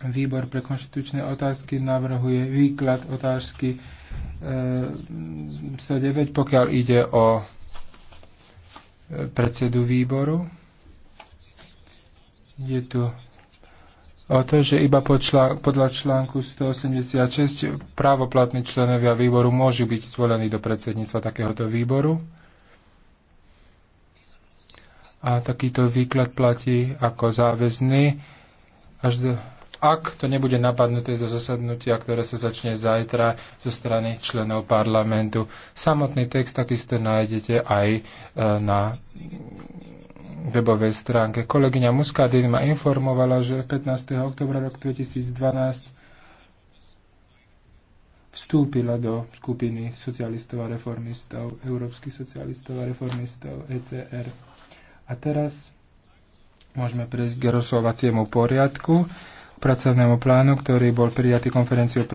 Výbor pre konštitučné otázky navrhuje výklad otázky 109, e, pokiaľ ide o e, predsedu výboru. Je tu o to, že iba podľa článku 186 právoplatní členovia výboru môžu byť zvolení do predsedníctva takéhoto výboru. A takýto výklad platí ako záväzný až do ak to nebude napadnuté do zasadnutia, ktoré sa začne zajtra zo strany členov parlamentu. Samotný text takisto nájdete aj e, na webovej stránke. Kolegyňa Muskadin ma informovala, že 15. oktobra roku 2012 vstúpila do skupiny socialistov a reformistov, európskych socialistov a reformistov ECR. A teraz môžeme prejsť k rozhovaciemu poriadku pracovnému plánu, ktorý bol prijatý konferenciou